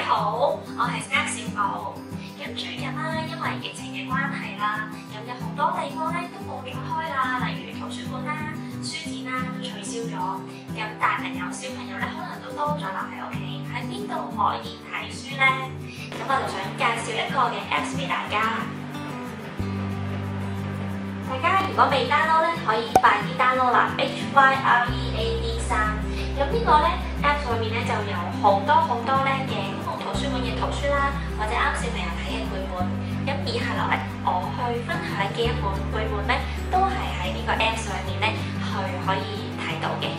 你好，我係 Step 小步。咁最近咧，因為疫情嘅關係啦，有好多地方咧都冇點開啦，例如圖書館啦、書展啦都取消咗。咁大朋友、小朋友咧，可能都多咗留喺屋企，喺邊度可以睇書咧？咁我就想介紹一個嘅 Apps 俾大家。大家如果未 download 咧，可以快啲 download 啦。H Y R E A D 三，有邊個咧？App 裏面咧就有好多好多咧嘅。繪本閱讀書啦，或者啱小朋友睇嘅繪本，咁以下落嚟我去分享嘅一本繪本咧，都係喺呢個 App 上面咧去可以睇到嘅。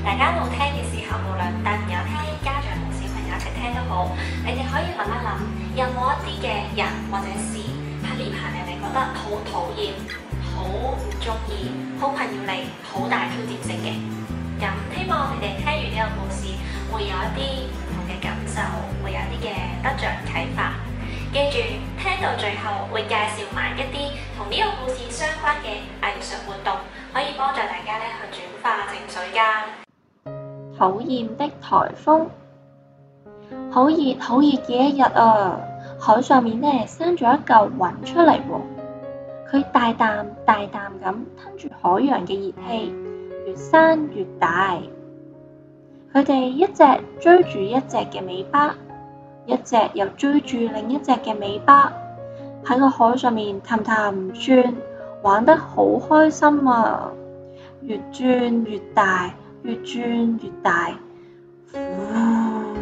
大家喺度聽嘅時候，無論大人聽、家長同小朋友一齊聽都好，你哋可以諗一諗，有冇一啲嘅人或者事喺面前令你覺得好討厭、好唔中意、好困擾你、好大挑戰性嘅？咁希望你哋聽完呢個故事，會有一啲。感受會有啲嘅得著啟發，記住聽到最後會介紹埋一啲同呢個故事相關嘅藝術活動，可以幫助大家咧去轉化情緒㗎。討厭的颱風，好熱好熱嘅一日啊！海上面咧生咗一嚿雲出嚟，佢大啖大啖咁吞住海洋嘅熱氣，越生越大。佢哋一隻追住一隻嘅尾巴，一隻又追住另一隻嘅尾巴，喺個海上面氹氹轉，玩得好開心啊！越轉越大，越轉越大，嗯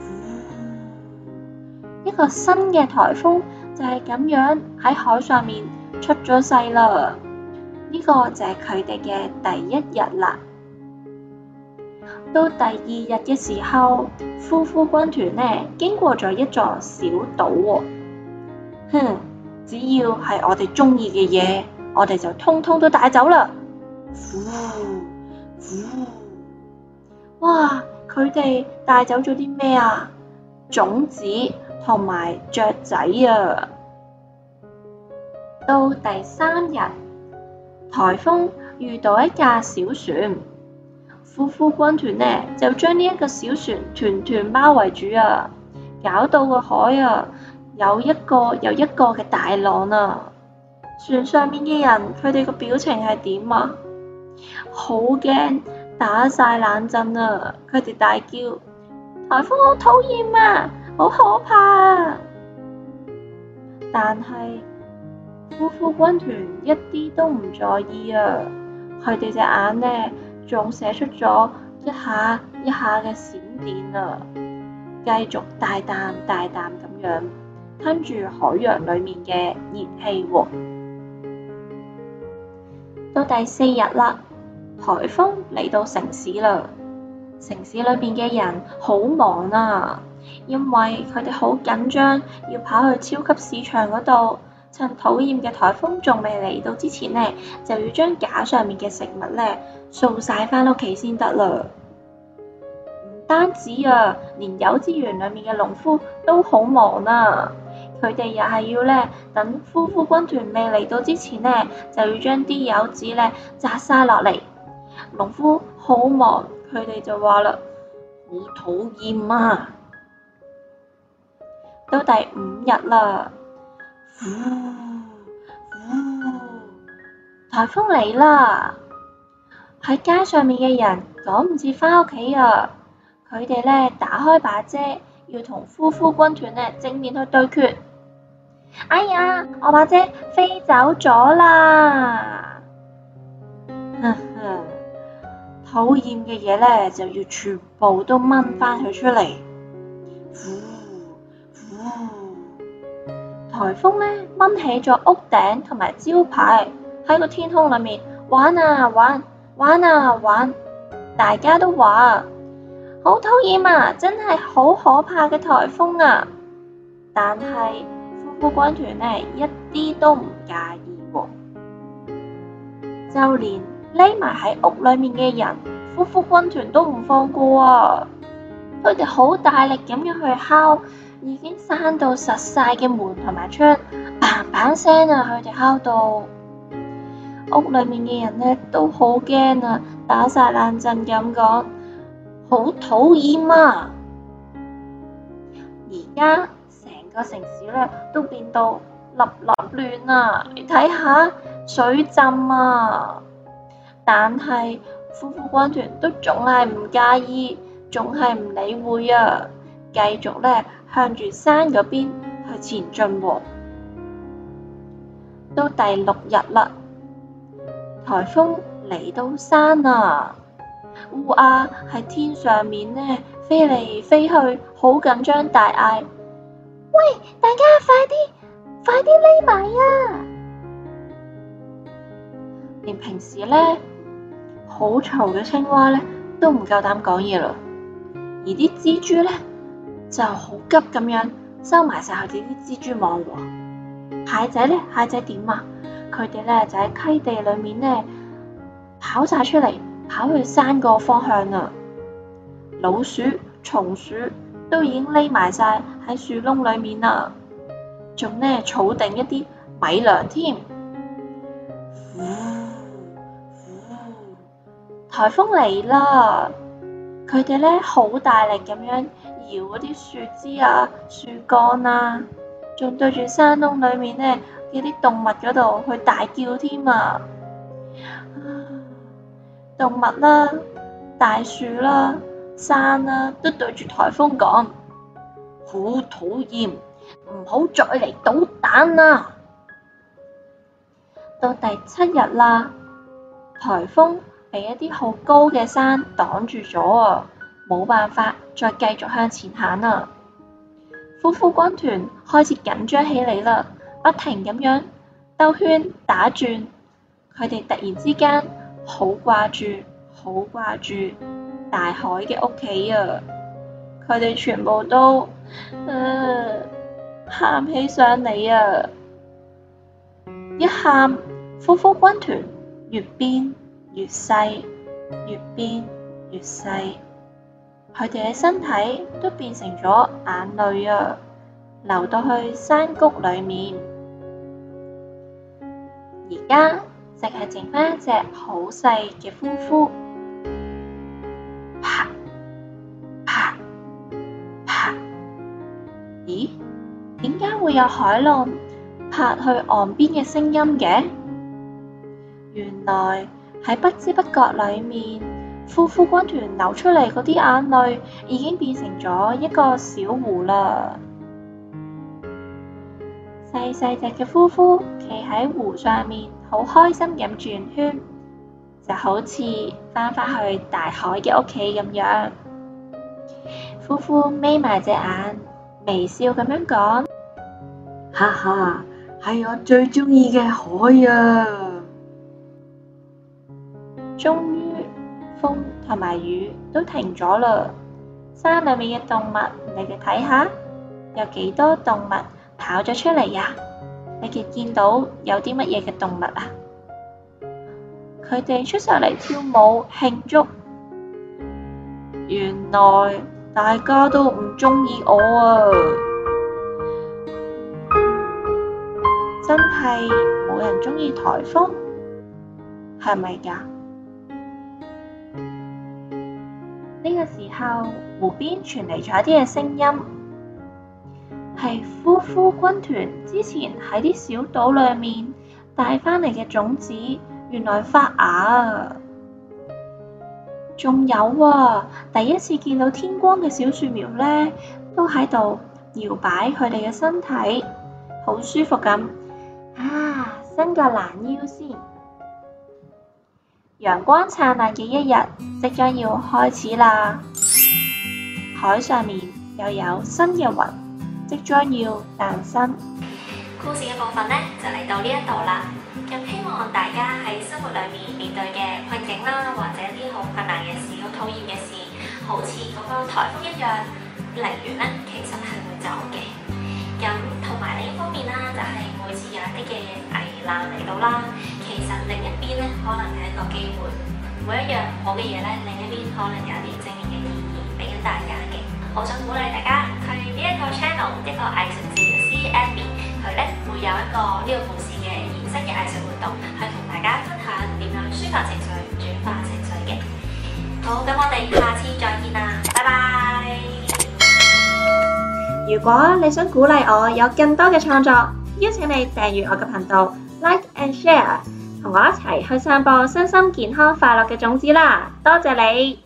嗯，一個新嘅颱風就係咁樣喺海上面出咗世啦！呢，這個就係佢哋嘅第一日啦。到第二日嘅時候，呼呼軍團呢，經過咗一座小島。哼，只要係我哋中意嘅嘢，我哋就通通都帶走啦。呼呼，嗯嗯！哇，佢哋帶走咗啲咩啊？種子同埋雀仔啊！到第三日，台風遇到一架小船。呼呼軍團呢，就將呢一個小船團團包圍住啊，搞到個海啊有一個又一個嘅大浪啊，船上面嘅人佢哋個表情係點啊？好驚，打曬冷震啊！佢哋大叫：颱風好討厭啊，好可怕啊！但係呼呼軍團一啲都唔在意啊，佢哋隻眼呢。仲寫出咗一下一下嘅閃電啊！繼續大啖大啖咁樣吞住海洋裏面嘅熱氣喎。到第四日啦，颱風嚟到城市啦。城市裏面嘅人好忙啊，因為佢哋好緊張，要跑去超級市場嗰度。趁討厭嘅颱風仲未嚟到之前呢，就要將架上面嘅食物咧掃晒翻屋企先得啦。唔單止啊，連柚子園裏面嘅農夫都好忙啊！佢哋又係要咧等夫夫軍團未嚟到之前呢，就要將啲柚子咧摘晒落嚟。農夫好忙，佢哋就話啦：好討厭啊！到第五日啦。嗚嗚，颱風嚟啦！喺街上面嘅人趕唔住翻屋企啊！佢哋咧打開把遮，要同夫夫軍團咧正面去對決。哎呀，我把遮飛走咗啦！哼 哼，討厭嘅嘢咧就要全部都掹翻佢出嚟。颱風咧掹起咗屋頂同埋招牌，喺個天空裏面玩啊玩，玩啊玩，大家都話好討厭啊，真係好可怕嘅颱風啊！但係呼呼軍團呢，一啲都唔介意，就連匿埋喺屋裏面嘅人，呼呼軍團都唔放過啊，佢哋好大力咁樣去敲。已經閂到實晒嘅門同埋窗，嘭嘭聲啊！佢哋敲到屋裏面嘅人咧都好驚啊，打晒冷震咁講，好討厭啊！而家成個城市咧都變到立立亂啊！你睇下水浸啊！但係夫婦軍團都總係唔介意，總係唔理會啊！繼續咧向住山嗰邊去前進喎，到第六日啦，台風嚟到山啊，烏鴉喺天上面咧飛嚟飛去，好緊張大嗌：喂，大家快啲，快啲匿埋啊！連平時咧好嘈嘅青蛙咧都唔夠膽講嘢啦，而啲蜘蛛咧。就好急咁樣收埋晒佢哋啲蜘蛛網喎，蟹仔咧，蟹仔點啊？佢哋咧就喺溪地裏面咧跑晒出嚟，跑去山個方向啦。老鼠、松鼠都已經匿埋晒喺樹窿裏面啦，仲咧儲定一啲米糧添。嗚嗚、啊，台風嚟啦！佢哋咧好大力咁樣搖嗰啲樹枝啊、樹幹啊，仲對住山窿裏面咧嘅啲動物嗰度去大叫添啊！動物啦、啊、大樹啦、啊、山啦、啊，都對住台風講，好討厭，唔好再嚟搗蛋啦！到第七日啦，台風被一啲好高嘅山擋住咗啊！冇辦法再繼續向前行啦、啊！夫婦軍團開始緊張起嚟啦，不停咁樣兜圈打轉。佢哋突然之間好掛住，好掛住大海嘅屋企啊！佢哋全部都啊喊、呃、起上嚟啊！一喊，夫婦軍團越變越細，越變越細。佢哋嘅身體都變成咗眼淚啊，流到去山谷裏面。而家淨係剩翻一隻好細嘅呼呼，啪啪啪。咦？點解會有海浪拍去岸邊嘅聲音嘅？原來喺不知不覺裏面。夫夫軍團流出嚟嗰啲眼淚，已經變成咗一個小湖啦。細細隻嘅夫夫，企喺湖上面，好開心咁轉圈，就好似返返去大海嘅屋企咁樣。夫夫眯埋隻眼，微笑咁樣講：哈哈，係我最中意嘅海啊！終。風同埋雨都停咗啦，山裏面嘅動物，你哋睇下有幾多動物跑咗出嚟呀？你哋見到有啲乜嘢嘅動物啊？佢哋出晒嚟跳舞慶祝，原來大家都唔鍾意我啊！真係冇人鍾意颱風，係咪㗎？呢個時候，湖邊傳嚟咗一啲嘅聲音，係呼呼軍團之前喺啲小島裏面帶翻嚟嘅種子，原來發芽啊。仲有、啊、第一次見到天光嘅小樹苗呢，都喺度搖擺佢哋嘅身體，好舒服咁。啊，伸個懶腰先。陽光燦爛嘅一日即將要開始啦，海上面又有新嘅雲即將要誕生。故事嘅部分咧就嚟到呢一度啦。咁希望大家喺生活裏面面對嘅困境啦，或者一啲好困難嘅事，事、好討厭嘅事，好似嗰個颱風一樣，嚟完咧其實係會走嘅。咁同埋另一方面啦，就係、是、每次有一啲嘅危難嚟到啦。其實另一邊咧，可能係一個機會。每一樣好嘅嘢咧，另一邊可能有啲正面嘅意義俾緊大家嘅。我想鼓勵大家去呢一個 channel，一個藝術治療師 Amy 佢去咧，會有一個呢、呢個故事嘅延伸嘅藝術活動，去同大家分享點樣抒發情緒、轉化情緒嘅。好，咁我哋下次再見啦，拜拜！如果你想鼓勵我有更多嘅創作，邀請你訂閱我嘅頻道，Like and Share。同我一齊去散播身心健康、快樂嘅種子啦！多謝你。